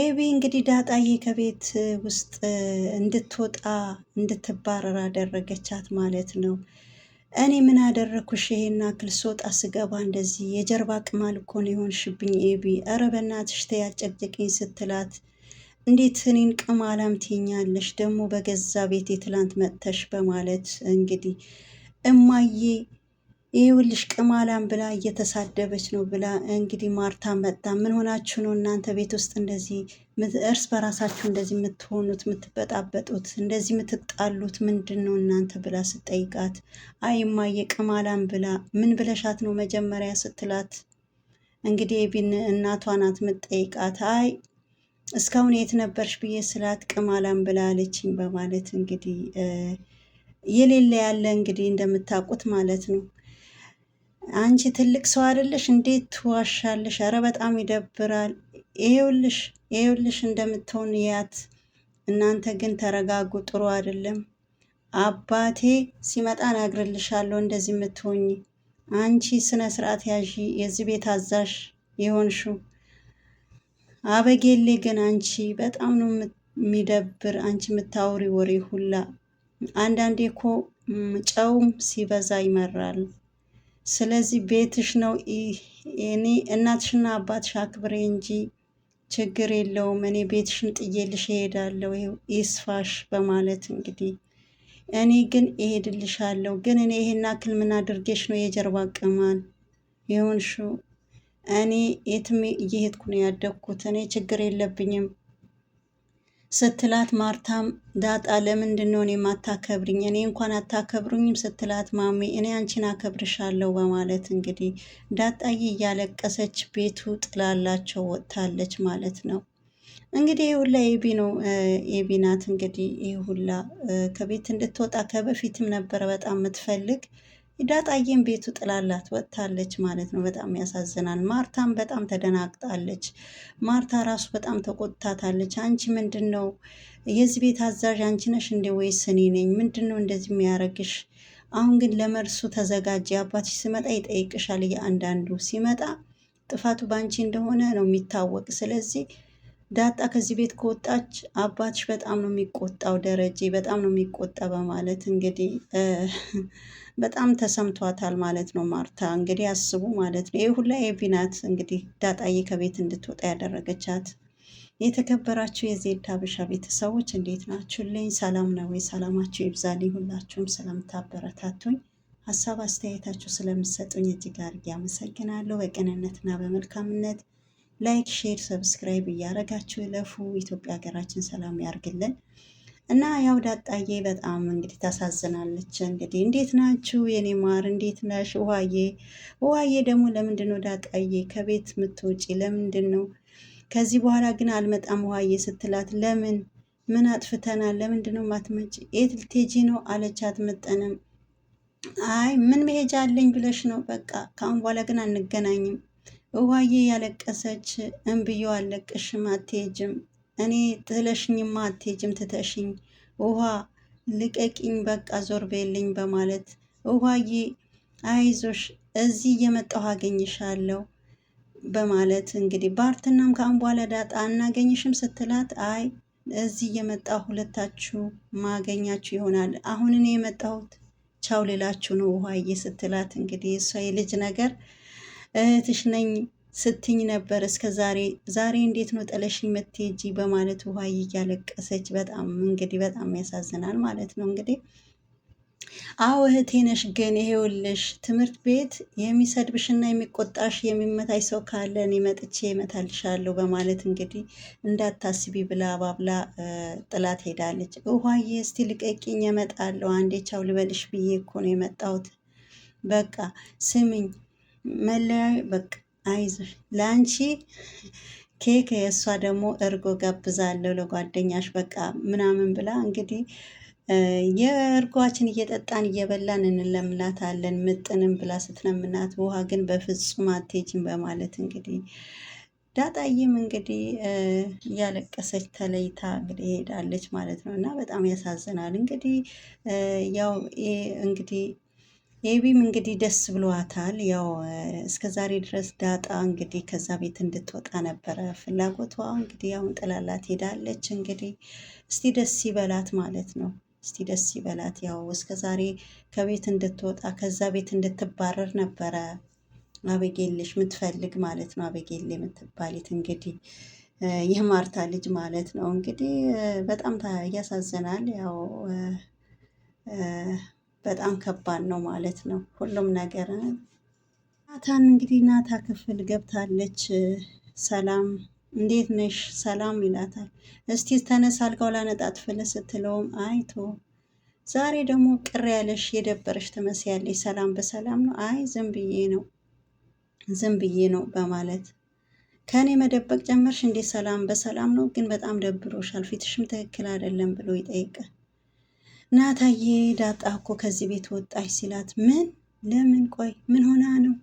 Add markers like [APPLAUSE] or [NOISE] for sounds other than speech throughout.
ኤቢ እንግዲህ ዳጣዬ ከቤት ውስጥ እንድትወጣ እንድትባረር አደረገቻት ማለት ነው። እኔ ምን አደረግኩሽ? አክል ክልሶጣ ስገባ እንደዚህ የጀርባ ቅማል እኮ ነው የሆንሽብኝ ኤቢ፣ ኧረ በእናትሽ ተይ ስትላት እንዴት እኔን ቅማላም ትይኛለሽ ደግሞ በገዛ ቤቴ ትላንት መጥተሽ በማለት እንግዲህ እማዬ ይኸውልሽ ቅማላም ብላ እየተሳደበች ነው ብላ እንግዲህ ማርታ መጣ። ምን ሆናችሁ ነው እናንተ ቤት ውስጥ እንደዚህ እርስ በራሳችሁ እንደዚህ የምትሆኑት የምትበጣበጡት፣ እንደዚህ የምትጣሉት ምንድን ነው እናንተ ብላ ስጠይቃት አይማ ቅማላም ብላ ምን ብለሻት ነው መጀመሪያ ስትላት፣ እንግዲህ ቢን እናቷ ናት የምትጠይቃት። አይ እስካሁን የት ነበርሽ ብዬ ስላት ቅማላም ብላ አለችኝ በማለት እንግዲህ የሌለ ያለ እንግዲህ እንደምታውቁት ማለት ነው አንቺ ትልቅ ሰው አይደለሽ እንዴት ትዋሻለሽ? ኧረ በጣም ይደብራል። ይኸውልሽ ይኸውልሽ እንደምትሆን ያት እናንተ ግን ተረጋጉ፣ ጥሩ አይደለም። አባቴ ሲመጣ እነግርልሻለሁ እንደዚህ የምትሆኝ አንቺ ስነ ስርዓት ያዢ፣ የዚህ ቤት አዛዥ የሆንሽው አበጌሌ ግን አንቺ በጣም ነው የሚደብር። አንቺ የምታውሪ ወሬ ሁላ አንዳንዴ እኮ ጨውም ሲበዛ ይመራል። ስለዚህ ቤትሽ ነው። እኔ እናትሽና አባትሽ አክብሬ እንጂ ችግር የለውም እኔ ቤትሽን ጥዬልሽ እሄዳለሁ፣ ይስፋሽ በማለት እንግዲህ እኔ ግን እሄድልሻለሁ፣ ግን እኔ ይሄን አክል ምን አድርጌሽ ነው የጀርባ ቅማል ይሁንሹ? እኔ የትም እየሄድኩ ነው ያደግኩት። እኔ ችግር የለብኝም ስትላት ማርታም ዳጣ ለምንድን ነው እኔም አታከብርኝ እኔ እንኳን አታከብሩኝም ስትላት ማሜ እኔ አንቺን አከብርሻለሁ በማለት እንግዲህ ዳጣዬ እያለቀሰች ቤቱ ጥላላቸው ወጥታለች ማለት ነው። እንግዲህ ይህ ሁላ ኤቢ ነው ኤቢ ናት እንግዲህ ይህ ሁላ ከቤት እንድትወጣ ከበፊትም ነበረ በጣም የምትፈልግ ዳጣዬም ቤቱ ጥላላት ወጥታለች ማለት ነው። በጣም ያሳዝናል። ማርታም በጣም ተደናግጣለች። ማርታ ራሱ በጣም ተቆጥታታለች። አንቺ ምንድን ነው የዚህ ቤት አዛዥ አንቺ ነሽ እንዴ ወይስ እኔ ነኝ? ምንድን ነው እንደዚህ የሚያረግሽ? አሁን ግን ለመርሱ ተዘጋጅ። አባትሽ ሲመጣ ይጠይቅሻል። እያንዳንዱ ሲመጣ ጥፋቱ በአንቺ እንደሆነ ነው የሚታወቅ። ስለዚህ ዳጣ ከዚህ ቤት ከወጣች አባትሽ በጣም ነው የሚቆጣው፣ ደረጀ በጣም ነው የሚቆጣ በማለት እንግዲህ በጣም ተሰምቷታል ማለት ነው። ማርታ እንግዲህ አስቡ ማለት ነው። ይህ ሁላ የቢናት እንግዲህ ዳጣዬ ከቤት እንድትወጣ ያደረገቻት። የተከበራችሁ የዜድ ሀበሻ ቤተሰቦች እንዴት ናችሁልኝ? ሰላም ነው ወይ? ሰላማችሁ ይብዛልኝ። ሁላችሁም ስለምታበረታቱኝ ሀሳብ አስተያየታችሁ ስለምሰጡኝ እጅግ አድርጌ አመሰግናለሁ። በቅንነትና በመልካምነት ላይክ፣ ሼር፣ ሰብስክራይብ እያደረጋችሁ ይለፉ። ኢትዮጵያ ሀገራችን ሰላም ያርግልን። እና ያው ዳጣዬ በጣም እንግዲህ ታሳዝናለች። እንግዲህ እንዴት ናችሁ የኔ ማር፣ እንዴት ነሽ ውሃዬ? ውሃዬ ደግሞ ለምንድን ነው ዳጣዬ ከቤት የምትወጪ ለምንድን ነው? ከዚህ በኋላ ግን አልመጣም ውሃዬ ስትላት፣ ለምን ምን አጥፍተናል? ለምንድን ነው ማትመጪ? የት ልትሄጂ ነው አለቻት። አትመጠንም። አይ ምን መሄጃ አለኝ ብለሽ ነው? በቃ ከአሁን በኋላ ግን አንገናኝም። ውሃዬ ያለቀሰች፣ እምብዬ አለቅሽም፣ አትሄጅም እኔ ጥለሽኝማ አትሄጂም ትተሽኝ፣ ውሃ ልቀቂኝ፣ በቃ ዞር በይልኝ በማለት ውሃዬ አይዞሽ፣ እዚህ እየመጣሁ አገኝሻለሁ በማለት እንግዲህ ባርትናም ከአሁን በኋላ ዳጣ አናገኝሽም ስትላት አይ እዚህ እየመጣሁ ሁለታችሁ ማገኛችሁ ይሆናል። አሁን እኔ የመጣሁት ቻው ልላችሁ ነው ውሃዬ ስትላት እንግዲህ እሷ የልጅ ነገር እህትሽ ነኝ ስትኝ ነበር እስከ ዛሬ ዛሬ እንዴት ነው ጥለሽኝ የምትሄጂ? በማለት ውሃዬ እያለቀሰች በጣም እንግዲህ በጣም ያሳዝናል ማለት ነው እንግዲህ አዎ እህቴ ነሽ፣ ግን ይሄውልሽ ትምህርት ቤት የሚሰድብሽና የሚቆጣሽ የሚመታሽ ሰው ካለ እኔ መጥቼ እመታልሻለሁ በማለት እንግዲህ እንዳታስቢ ብላ ባብላ ጥላት ሄዳለች። ውሃዬ እስቲ ልቀቂኝ፣ እመጣለሁ አንዴ ቻው ልበልሽ ብዬ እኮ ነው የመጣሁት። በቃ ስምኝ፣ መለያ በቃ አይዞሽ ለአንቺ ኬክ የእሷ ደግሞ እርጎ ጋብዛለሁ ለጓደኛሽ በቃ ምናምን ብላ እንግዲህ የእርጓችን እየጠጣን እየበላን እንለምናታለን። ምጥንም ብላ ስትለምናት ውሃ ግን በፍጹም አትሄጂም በማለት እንግዲህ ዳጣይም እንግዲህ እያለቀሰች ተለይታ እንግዲህ ሄዳለች ማለት ነው። እና በጣም ያሳዝናል እንግዲህ ያው እንግዲህ ኤቢም እንግዲህ ደስ ብሏታል። ያው እስከ ዛሬ ድረስ ዳጣ እንግዲህ ከዛ ቤት እንድትወጣ ነበረ ፍላጎቷ። እንግዲህ አሁን ጥላላት ሄዳለች። እንግዲህ እስቲ ደስ ይበላት ማለት ነው። እስቲ ደስ ይበላት። ያው እስከ ዛሬ ከቤት እንድትወጣ ከዛ ቤት እንድትባረር ነበረ አበጌልሽ የምትፈልግ ማለት ነው። አበጌል የምትባሊት እንግዲህ የማርታ ልጅ ማለት ነው። እንግዲህ በጣም ያሳዝናል ያው በጣም ከባድ ነው ማለት ነው ሁሉም ነገር። ናታን እንግዲህ ናታ ክፍል ገብታለች። ሰላም እንዴት ነሽ? ሰላም ይላታል። እስቲ ተነስ አልጋው ፍል ስትለውም አይቶ ዛሬ ደግሞ ቅር ያለሽ የደበረሽ ትመስያለሽ። ሰላም በሰላም ነው? አይ ዝም ብዬ ነው ዝም ብዬ ነው በማለት ከእኔ መደበቅ ጀመርሽ እንዴት? ሰላም በሰላም ነው፣ ግን በጣም ደብሮሻል፣ ፊትሽም ትክክል አይደለም ብሎ ይጠይቃል። ናታዬ ዳጣ እኮ ከዚህ ቤት ወጣች ሲላት፣ ምን ለምን? ቆይ ምን ሆና ነው?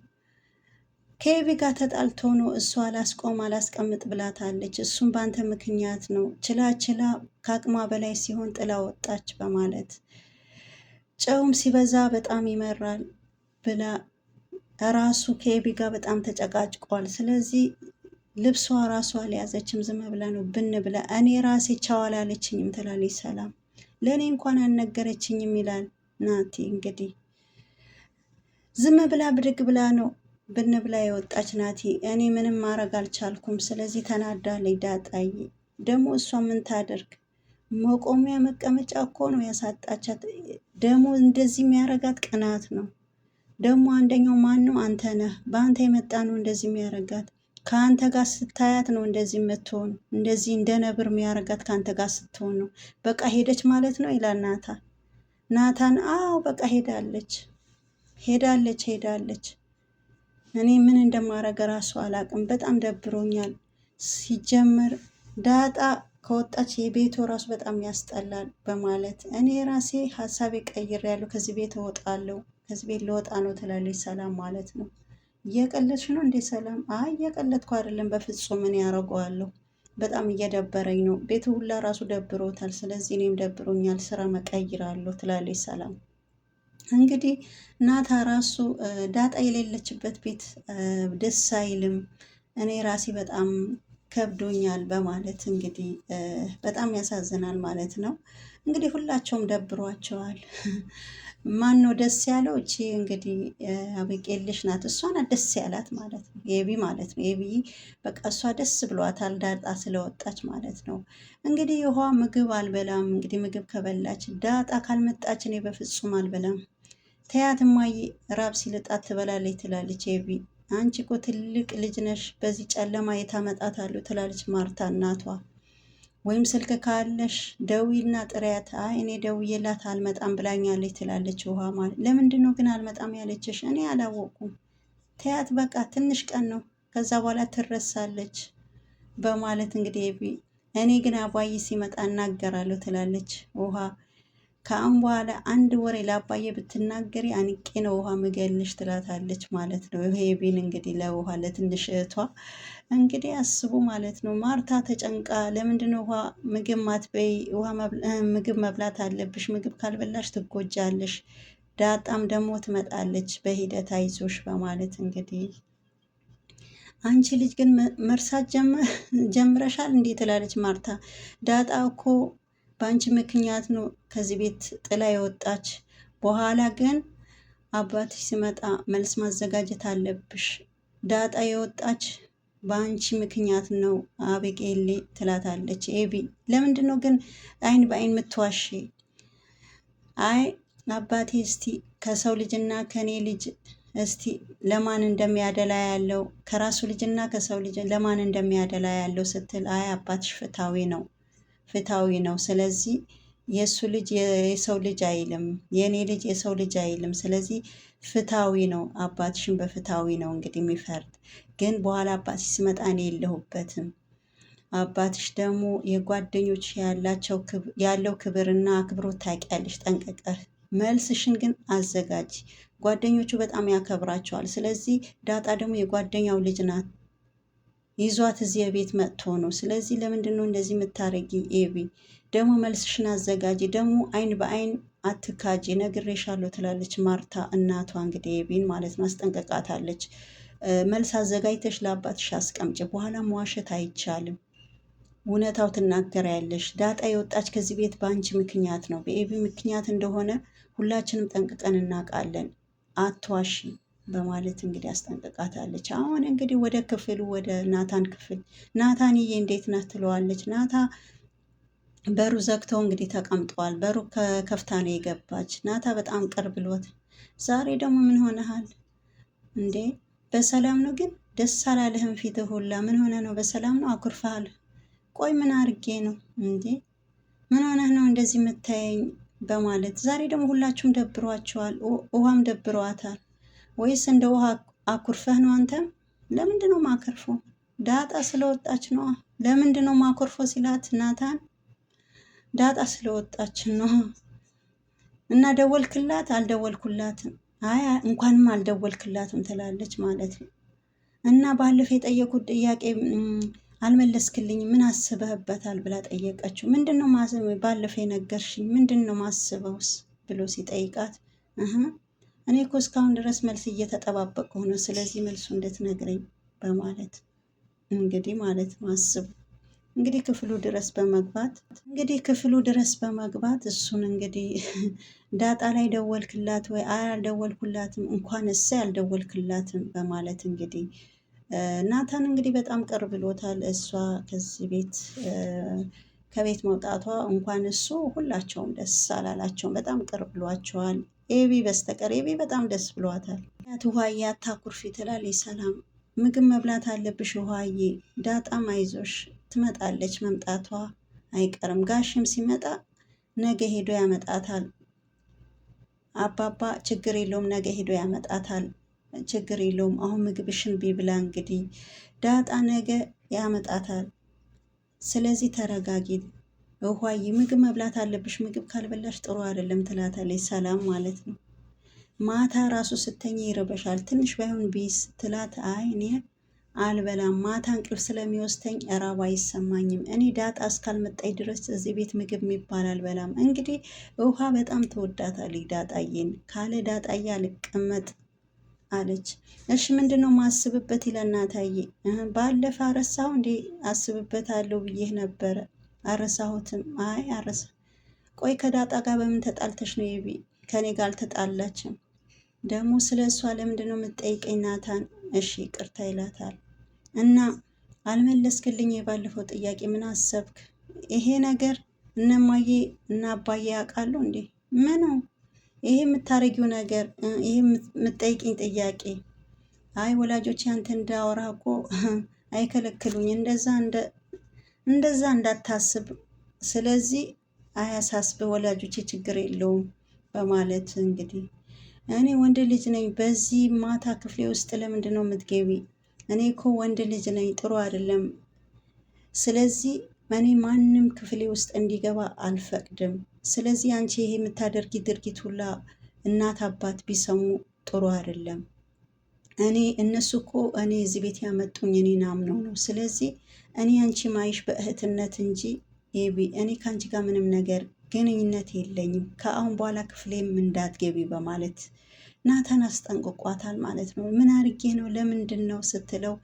ከኤቢ ጋር ተጣልቶ ነው እሱ አላስቆም አላስቀምጥ ብላታለች። እሱም በአንተ ምክንያት ነው ችላ ችላ ከአቅሟ በላይ ሲሆን ጥላ ወጣች በማለት ጨውም ሲበዛ በጣም ይመራል ብላ ራሱ ከኤቢ ጋር በጣም ተጨቃጭቋል። ስለዚህ ልብሷ ራሷ አልያዘችም። ዝም ብላ ነው ብን ብላ እኔ ራሴ ቻዋላለችኝም ትላለች ሰላም ለእኔ እንኳን አልነገረችኝም ይላል ናቲ። እንግዲህ ዝም ብላ ብድግ ብላ ነው ብን ብላ የወጣች ናቲ። እኔ ምንም ማድረግ አልቻልኩም፣ ስለዚህ ተናዳለች ዳጣዬ። ደግሞ እሷ ምን ታደርግ መቆሚያ መቀመጫ እኮ ነው ያሳጣቻት። ደግሞ እንደዚህ የሚያረጋት ቅናት ነው። ደግሞ አንደኛው ማን ነው? አንተ ነህ። በአንተ የመጣ ነው እንደዚህ የሚያረጋት። ከአንተ ጋር ስታያት ነው እንደዚህ የምትሆን፣ እንደዚህ እንደ ነብር የሚያደርጋት ከአንተ ጋር ስትሆን ነው። በቃ ሄደች ማለት ነው ይላል ናታን። ናታን አዎ በቃ ሄዳለች፣ ሄዳለች፣ ሄዳለች። እኔ ምን እንደማደርግ እራሱ አላውቅም። በጣም ደብሮኛል። ሲጀመር ዳጣ ከወጣች የቤቱ ራሱ በጣም ያስጠላል በማለት እኔ ራሴ ሀሳቤ ቀይሬያለሁ። ከዚህ ቤት እወጣለሁ፣ ከዚህ ቤት ልወጣ ነው ትላለች ሰላም ማለት ነው። እየቀለድሽ ነው እንዴ? ሰላም። አይ እየቀለድኩ አይደለም በፍጹም ምን ያረገዋለሁ። በጣም እየደበረኝ ነው። ቤት ሁላ ራሱ ደብሮታል። ስለዚህ እኔም ደብሮኛል፣ ስራ መቀይራለሁ ትላለች ሰላም። እንግዲህ ናታ ራሱ ዳጣ የሌለችበት ቤት ደስ አይልም፣ እኔ ራሴ በጣም ከብዶኛል በማለት እንግዲህ በጣም ያሳዝናል ማለት ነው። እንግዲህ ሁላቸውም ደብሯቸዋል። [LAUGHS] ማን ነው ደስ ያለው? እቺ እንግዲህ አብቄልሽ ናት። እሷ ናት ደስ ያላት ማለት ነው፣ ኤቢ ማለት ነው። ኤቢ በቃ እሷ ደስ ብሏታል ዳጣ ስለወጣች ማለት ነው። እንግዲህ የውሃ ምግብ አልበላም እንግዲህ ምግብ ከበላች ዳጣ ካልመጣች እኔ በፍጹም አልበላም። ተያትማ ራብ ሲልጣት ትበላለች ትላለች ኤቢ። አንቺ እኮ ትልቅ ልጅ ነሽ፣ በዚህ ጨለማ የታመጣት አሉ ትላለች ማርታ እናቷ ወይም ስልክ ካለሽ ደዊና ጥሪያት። አይ እኔ ደውዬላት አልመጣም ብላኛለች ትላለች። ውሃ ማለት ለምንድን ነው ግን አልመጣም ያለችሽ? እኔ አላወቅኩም። ተያት በቃ ትንሽ ቀን ነው፣ ከዛ በኋላ ትረሳለች በማለት እንግዲህ እኔ ግን አባዬ ሲመጣ እናገራለሁ ትላለች ውሃ። ከአሁን በኋላ አንድ ወሬ ለአባዬ ብትናገሪ አንቄ ነው ውሃ ምገልሽ ትላታለች ማለት ነው። ይሄ ቢን እንግዲህ ለውሃ ለትንሽ እህቷ እንግዲህ አስቡ ማለት ነው። ማርታ ተጨንቃ ለምንድን ውሃ ምግብ ማትበይ? ውሃ ምግብ መብላት አለብሽ፣ ምግብ ካልበላሽ ትጎጃለሽ። ዳጣም ደግሞ ትመጣለች በሂደት አይዞሽ በማለት እንግዲህ አንቺ ልጅ ግን መርሳት [LAUGHS] ጀምረሻል እንዴ? ትላለች ማርታ። ዳጣ እኮ በአንቺ ምክንያት ነው ከዚህ ቤት ጥላ የወጣች። በኋላ ግን አባትሽ ሲመጣ መልስ ማዘጋጀት አለብሽ። ዳጣ የወጣች በአንቺ ምክንያት ነው አበቄሌ ትላታለች። ኤቢ ለምንድን ነው ግን አይን በአይን የምትዋሽ? አይ አባቴ እስቲ ከሰው ልጅና ከኔ ልጅ እስቲ ለማን እንደሚያደላ ያለው ከራሱ ልጅና ከሰው ልጅ ለማን እንደሚያደላ ያለው ስትል አይ አባትሽ ፍታዊ ነው ፍታዊ ነው። ስለዚህ የእሱ ልጅ የሰው ልጅ አይልም፣ የእኔ ልጅ የሰው ልጅ አይልም። ስለዚህ ፍታዊ ነው አባትሽን በፍታዊ ነው እንግዲህ የሚፈርድ ግን በኋላ አባትሽ ሲመጣ እኔ የለሁበትም። አባትሽ ደግሞ የጓደኞች ያለው ክብርና አክብሮት ታውቂያለሽ ጠንቅቀህ። መልስሽን ግን አዘጋጅ። ጓደኞቹ በጣም ያከብራቸዋል። ስለዚህ ዳጣ ደግሞ የጓደኛው ልጅ ናት። ይዟት እዚህ የቤት መጥቶ ነው። ስለዚህ ለምንድን ነው እንደዚህ የምታረጊ? ኤቢ ደግሞ መልስሽን አዘጋጂ። ደግሞ አይን በአይን አትካጂ፣ ነግሬሻለሁ ትላለች ማርታ። እናቷ እንግዲህ ኤቢን ማለት ነው አስጠንቀቃታለች። መልስ አዘጋጅተሽ ለአባትሽ አስቀምጭ። በኋላ መዋሸት አይቻልም። እውነታው ትናገሪያለሽ። ዳጣ የወጣች ከዚህ ቤት በአንቺ ምክንያት ነው፣ በኤቢ ምክንያት እንደሆነ ሁላችንም ጠንቅቀን እናውቃለን። አትዋሺ በማለት እንግዲህ አስጠንቅቃታለች። አሁን እንግዲህ ወደ ክፍሉ ወደ ናታን ክፍል ናታንዬ እንዴት ናት ትለዋለች። ናታ በሩ ዘግተው እንግዲህ ተቀምጠዋል። በሩ ከፍታ ነው የገባች። ናታ በጣም ቅር ብሎት ዛሬ ደግሞ ምን ሆነሃል እንዴ በሰላም ነው ግን ደስ አላለህም ፊት ሁላ ምን ሆነ ነው በሰላም ነው አኩርፈሃል ቆይ ምን አርጌ ነው እንዴ ምን ሆነህ ነው እንደዚህ የምታየኝ በማለት ዛሬ ደግሞ ሁላችሁም ደብሯቸዋል ውሃም ደብሯታል ወይስ እንደ ውሃ አኩርፈህ ነው አንተም ለምንድን ነው ማከርፎ ዳጣ ስለወጣች ነው ለምንድን ነው ማኮርፎ ሲላት ናታን ዳጣ ስለወጣች ነው እና ደወልክላት አልደወልኩላትም አይ እንኳንም አልደወልክላትም ትላለች ማለት ነው። እና ባለፈ የጠየኩት ጥያቄ አልመለስክልኝ ምን አስበህበታል ብላ ጠየቀችው። ምንድን ነው ባለፈው የነገርሽኝ ምንድን ነው ማስበውስ ብሎ ሲጠይቃት እኔ እኮ እስካሁን ድረስ መልስ እየተጠባበቅኩ ነው፣ ስለዚህ መልሱ እንድትነግረኝ በማለት እንግዲህ ማለት ነው አስቡ። እንግዲህ ክፍሉ ድረስ በመግባት እንግዲህ ክፍሉ ድረስ በመግባት እሱን እንግዲህ [LAUGHS] ዳጣ ላይ ደወልክላት ወይ? አልደወልኩላትም፣ እንኳን እሰ አልደወልክላትም በማለት እንግዲህ ናታን እንግዲህ በጣም ቅር ብሎታል። እሷ ከዚህ ቤት ከቤት መውጣቷ እንኳን እሱ ሁላቸውም ደስ አላላቸውም። በጣም ቅር ብሏቸዋል። ኤቢ በስተቀር ኤቢ በጣም ደስ ብሏታል። ያት ውሃ እያታኩርፊ ትላለች። ሰላም ምግብ መብላት አለብሽ ውሃዬ። ዳጣም አይዞሽ ትመጣለች። መምጣቷ አይቀርም። ጋሽም ሲመጣ ነገ ሄዶ ያመጣታል። አባባ ችግር የለውም ነገ ሄዶ ያመጣታል። ችግር የለውም አሁን ምግብሽን ቢብላ እንግዲህ ዳጣ ነገ ያመጣታል። ስለዚህ ተረጋጊ ውኋይ ምግብ መብላት አለብሽ፣ ምግብ ካልበላሽ ጥሩ አይደለም ትላታለች። ሰላም ማለት ነው። ማታ ራሱ ስተኛ ይረበሻል፣ ትንሽ ባይሆን ቢስ ትላት አይ እኔ አልበላም። ማታ እንቅልፍ ስለሚወስደኝ እራብ አይሰማኝም። እኔ ዳጣ እስካልመጣኝ ድረስ እዚህ ቤት ምግብ የሚባል አልበላም። እንግዲህ ውሃ በጣም ተወዳታለች ዳጣዬን። ካለ ዳጣዬ አልቀመጥ አለች። እሺ ምንድን ነው ማስብበት? ይለና ባለፈ አረሳሁ እንዴ? አለው ብዬህ ነበረ። አረሳሁትም? አይ አረሳ። ቆይ ከዳጣ ጋር በምን ተጣልተሽ ነው? የቢ ከኔ ጋር አልተጣላችም። ደግሞ ስለ እሷ ለምንድን ነው የምትጠይቀኝ? ናታን እሺ ቅርታ ይላታል። እና አልመለስክልኝ የባለፈው ጥያቄ ምን አሰብክ? ይሄ ነገር እነማዬ እና አባዬ ያውቃሉ እንዴ? ምኑ ይሄ የምታረጊው ነገር ይሄ የምትጠይቅኝ ጥያቄ? አይ ወላጆች ያንተ እንዳወራ እኮ [LAUGHS] አይከለክሉኝ፣ እንደዛ እንደዛ እንዳታስብ፣ ስለዚህ አያሳስብ፣ ወላጆቼ ችግር የለውም በማለት እንግዲህ እኔ ወንድ ልጅ ነኝ፣ በዚህ ማታ ክፍሌ ውስጥ ለምንድን ነው የምትገቢ? እኔ እኮ ወንድ ልጅ ነኝ፣ ጥሩ አይደለም። ስለዚህ እኔ ማንም ክፍሌ ውስጥ እንዲገባ አልፈቅድም። ስለዚህ አንቺ ይሄ የምታደርጊ ድርጊት ሁላ እናት አባት ቢሰሙ ጥሩ አይደለም። እኔ እነሱ እኮ እኔ እዚህ ቤት ያመጡኝ እኔን አምነው ነው። ስለዚህ እኔ አንቺ ማይሽ በእህትነት እንጂ ኤቢ እኔ ከአንቺ ጋር ምንም ነገር ግንኙነት የለኝም። ከአሁን በኋላ ክፍሌም እንዳትገቢ በማለት ናታን አስጠንቅቋታል ማለት ነው። ምን አድርጌ ነው ለምንድን ነው ስትለው፣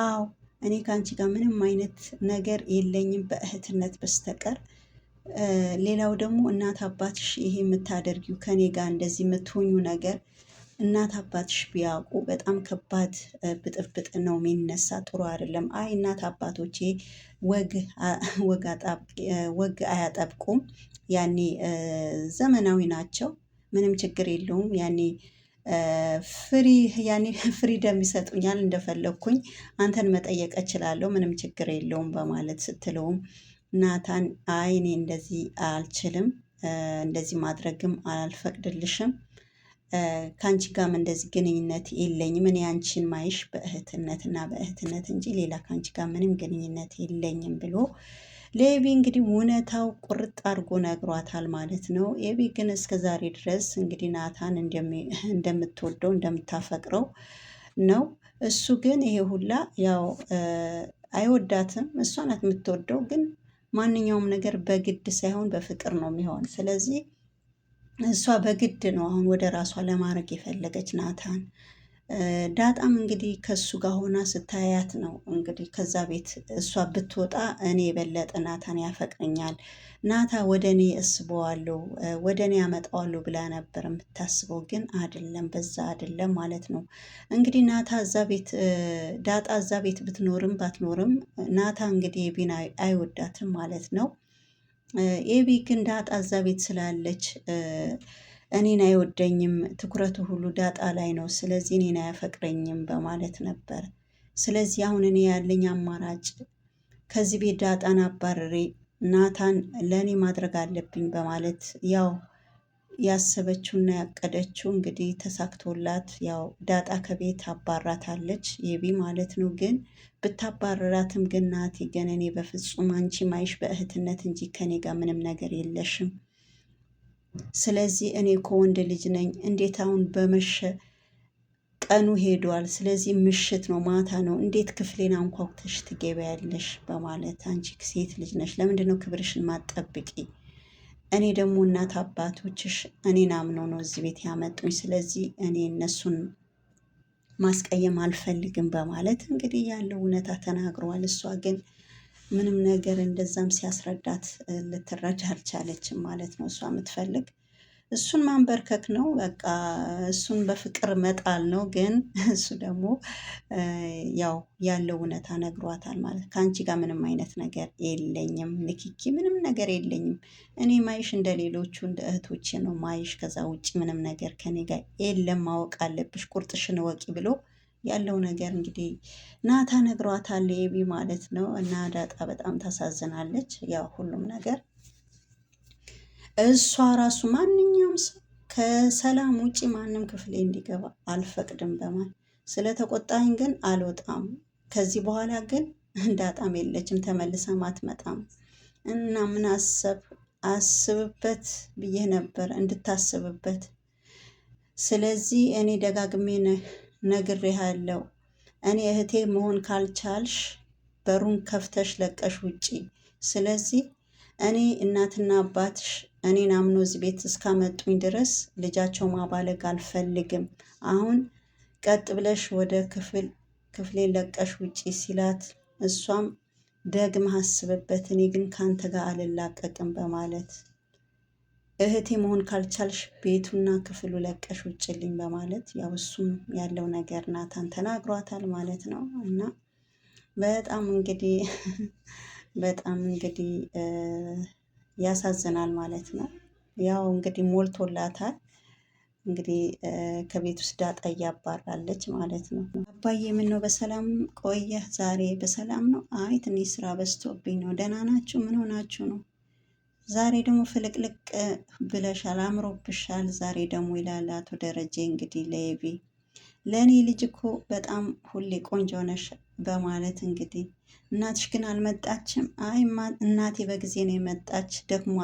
አዎ እኔ ከአንቺ ጋር ምንም አይነት ነገር የለኝም በእህትነት በስተቀር ሌላው ደግሞ እናት አባትሽ ይሄ የምታደርጊው ከኔ ጋር እንደዚህ የምትሆኙ ነገር እናት አባትሽ ቢያውቁ በጣም ከባድ ብጥብጥ ነው የሚነሳ። ጥሩ አይደለም። አይ እናት አባቶቼ ወግ አያጠብቁም፣ ያኔ ዘመናዊ ናቸው ምንም ችግር የለውም። ያኔ ፍሪ ያኔ [LAUGHS] ፍሪደም ይሰጡኛል እንደፈለግኩኝ አንተን መጠየቅ እችላለሁ ምንም ችግር የለውም በማለት ስትለውም ናታን አይ እኔ እንደዚህ አልችልም፣ እንደዚህ ማድረግም አልፈቅድልሽም ከአንቺ ጋም እንደዚህ ግንኙነት የለኝም። እኔ አንቺን ማይሽ በእህትነት እና በእህትነት እንጂ ሌላ ከአንቺ ጋር ምንም ግንኙነት የለኝም ብሎ ለኤቢ እንግዲህ እውነታው ቁርጥ አድርጎ ነግሯታል ማለት ነው። ኤቢ ግን እስከ ዛሬ ድረስ እንግዲህ ናታን እንደምትወደው እንደምታፈቅረው ነው። እሱ ግን ይሄ ሁላ ያው አይወዳትም፣ እሷ ናት የምትወደው። ግን ማንኛውም ነገር በግድ ሳይሆን በፍቅር ነው የሚሆን። ስለዚህ እሷ በግድ ነው አሁን ወደ ራሷ ለማድረግ የፈለገች ናታን ዳጣም እንግዲህ ከሱ ጋር ሆና ስታያት ነው እንግዲህ ከዛ ቤት እሷ ብትወጣ እኔ የበለጠ ናታን ያፈቅረኛል፣ ናታ ወደ እኔ እስበዋለሁ፣ ወደ እኔ ያመጣዋለሁ ብላ ነበር የምታስበው። ግን አይደለም፣ በዛ አይደለም ማለት ነው። እንግዲህ ናታ እዛ ቤት ዳጣ እዛ ቤት ብትኖርም ባትኖርም ናታ እንግዲህ ቢና አይወዳትም ማለት ነው። ኤቢ ግን ዳጣ እዛ ቤት ስላለች እኔን አይወደኝም፣ ትኩረቱ ሁሉ ዳጣ ላይ ነው፣ ስለዚህ እኔን አያፈቅረኝም በማለት ነበር። ስለዚህ አሁን እኔ ያለኝ አማራጭ ከዚህ ቤት ዳጣን አባረሬ ናታን ለእኔ ማድረግ አለብኝ በማለት ያው ያሰበችውና ያቀደችው እንግዲህ ተሳክቶላት ያው ዳጣ ከቤት አባራታለች። የቢ ማለት ነው። ግን ብታባረራትም ግን ናቲ ግን እኔ በፍጹም አንቺ ማይሽ በእህትነት እንጂ ከኔ ጋር ምንም ነገር የለሽም ስለዚህ እኔ ወንድ ልጅ ነኝ። እንዴት አሁን በመሸ ቀኑ ሄዷል። ስለዚህ ምሽት ነው ማታ ነው። እንዴት ክፍሌን አንኳኩተሽ ትገቢያለሽ? በማለት አንቺ ሴት ልጅ ነሽ፣ ለምንድን ነው ክብርሽን ማጠብቂ? እኔ ደግሞ እናት አባቶችሽ እኔን አምነው ነው እዚህ ቤት ያመጡኝ። ስለዚህ እኔ እነሱን ማስቀየም አልፈልግም በማለት እንግዲህ ያለው እውነታ ተናግረዋል። እሷ ግን ምንም ነገር እንደዛም ሲያስረዳት ልትረዳ አልቻለችም ማለት ነው። እሷ የምትፈልግ እሱን ማንበርከክ ነው፣ በቃ እሱን በፍቅር መጣል ነው። ግን [LAUGHS] እሱ ደግሞ ያው ያለው እውነታ ነግሯታል ማለት ከአንቺ ጋር ምንም አይነት ነገር የለኝም፣ ንክኪ ምንም ነገር የለኝም። እኔ ማይሽ እንደ ሌሎቹ እንደ እህቶቼ ነው ማይሽ። ከዛ ውጭ ምንም ነገር ከኔ ጋር የለም። ማወቅ አለብሽ፣ ቁርጥሽን ወቂ ብሎ ያለው ነገር እንግዲህ ናታ ነግሯታል፣ ኤቢ ማለት ነው። እና ዳጣ በጣም ታሳዝናለች። ያው ሁሉም ነገር እሷ ራሱ ማንኛውም ሰው ከሰላም ውጪ ማንም ክፍሌ እንዲገባ አልፈቅድም በማል ስለተቆጣኝ ግን አልወጣም። ከዚህ በኋላ ግን እንዳጣም የለችም ተመልሰም አትመጣም። እና ምን አሰብ አስብበት ብዬ ነበር እንድታስብበት። ስለዚህ እኔ ደጋግሜ ነግሬሃለሁ። እኔ እህቴ መሆን ካልቻልሽ በሩን ከፍተሽ ለቀሽ ውጪ። ስለዚህ እኔ እናትና አባትሽ እኔን አምኖ እዚህ ቤት እስካመጡኝ ድረስ ልጃቸው ማባለግ አልፈልግም። አሁን ቀጥ ብለሽ ወደ ክፍል ክፍሌ ለቀሽ ውጪ ሲላት እሷም ደግመህ አስብበት፣ እኔ ግን ካንተ ጋር አልላቀቅም በማለት እህቴ መሆን ካልቻልሽ ቤቱና ክፍሉ ለቀሽ ውጭልኝ በማለት ያው እሱም ያለው ነገር ናታን ተናግሯታል ማለት ነው። እና በጣም እንግዲህ [LAUGHS] በጣም እንግዲህ ያሳዝናል ማለት ነው። ያው እንግዲህ ሞልቶላታል እንግዲህ ከቤት ውስጥ ዳጣ እያባራለች ማለት ነው። አባዬ ምን ነው በሰላም ቆየህ? ዛሬ በሰላም ነው? አይ ትንሽ ስራ በዝቶብኝ ነው። ደህና ናችሁ? ምን ሆናችሁ ነው? ዛሬ ደግሞ ፍልቅልቅ ብለሻል፣ አምሮብሻል ዛሬ ደግሞ ይላል አቶ ደረጀ። እንግዲህ ለየቢ ለእኔ ልጅ እኮ በጣም ሁሌ ቆንጆ ነሽ በማለት እንግዲህ እናትሽ ግን አልመጣችም? አይ እናቴ በጊዜ ነው የመጣች ደክሟ